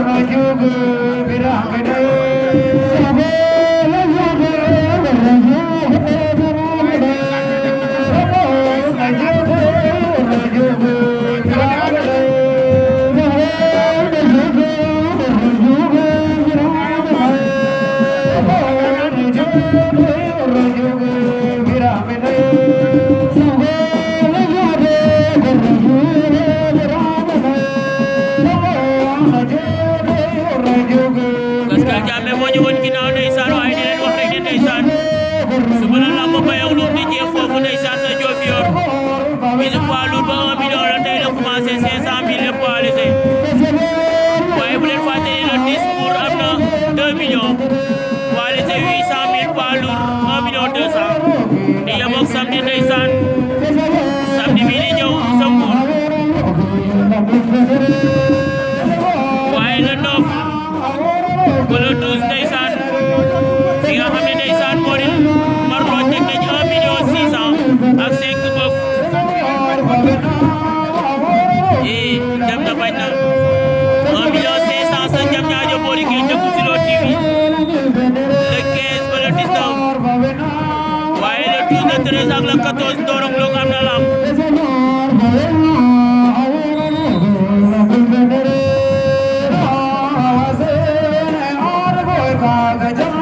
पूर्ण युग विरह leen woon ginnaaw ndeysaan waaye di leen wax rek ne ndeysaan suba la làmb bayaw luur di jee foofu ndeysaan sa joof yor bisu poids ba un million la tey la commencé cinq cent mille le poids a waaye bu leen fàtte ne le dix pour am na deux millions poids léger huit cent mille poids lourd un million deux cent di yem ak samedi ndeysaan samedi bii di ñëw sa mbuur waaye le neuf कागजा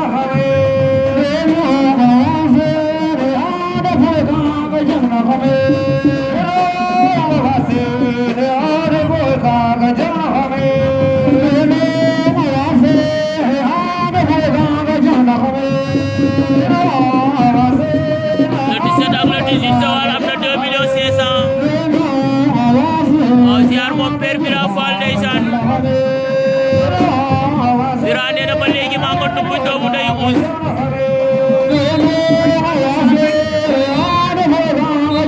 vote मुंहिंजो हुन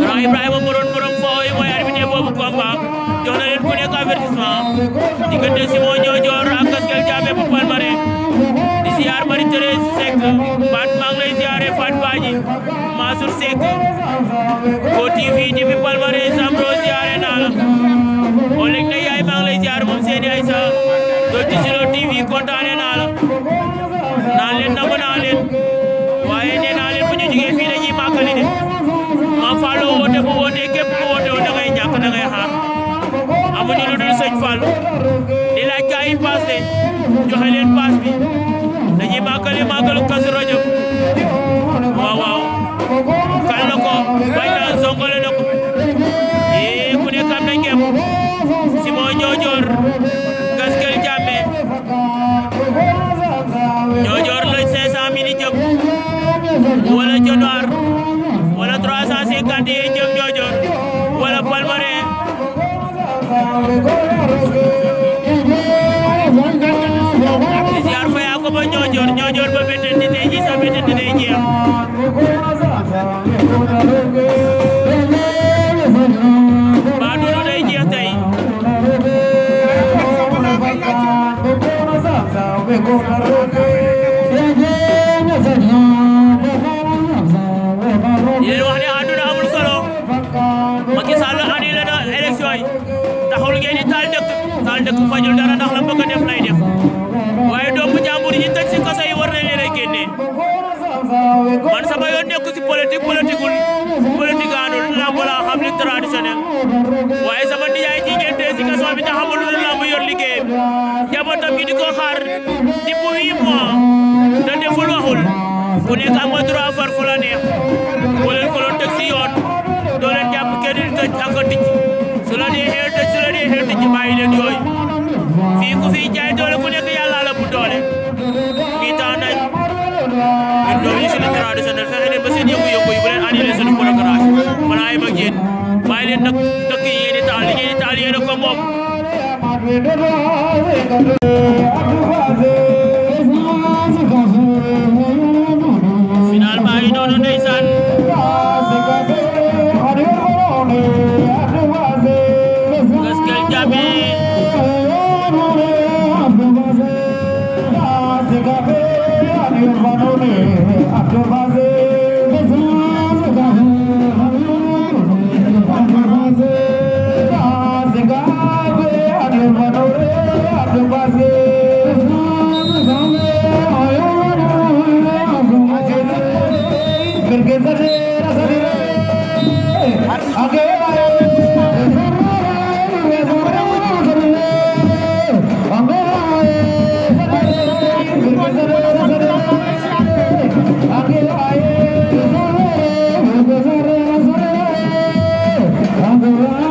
राय प्राइम मुरुन मुरुम पोइ मो यार बि जेको बि कोम बाप जो न इन पुणे का विरस मा दिगटे सी मो जो जो राकस के जाबे पपन मरे इसी यार मरी तेरे सेक बाट मांग ले इसी यार फट बाजी मासूर सेक को टीवी टीवी पर मरे सब रोज यार नाल ओलिक नहीं आई मांग ले इसी यार मुम से नहीं आई सा दो टीवी कोटा ने नाल naan leen na naa leen waaye nee naa leen bu ñu jugee fii dañuy màggali de Mame Fallou woote bu wootee képp ku woote da ngay ñàkk da ngay xaar amuñu lu dul sëñ Fallou di laaj gaa paas de joxe leen paas bi dañuy màggali màggalu Kazu Rajab Bueno Fall dëkk fajul dara ndax la bëgg a def lay def waaye doomu jàmbur yi tëj si kaso yi war na leen a génne man sama yoon nekku si politique politiqueul politique anul lamb laa xam li traditionnel waaye sama nijaay ji ngeen tee si kaso bi te xamul lu lamb yor liggéeyam njabootam gi di ko xaar di pour yi mois te deful waxul ku nekk am nga yéene dëkk dëkk yéene taal yéene taal yéene ko Oh,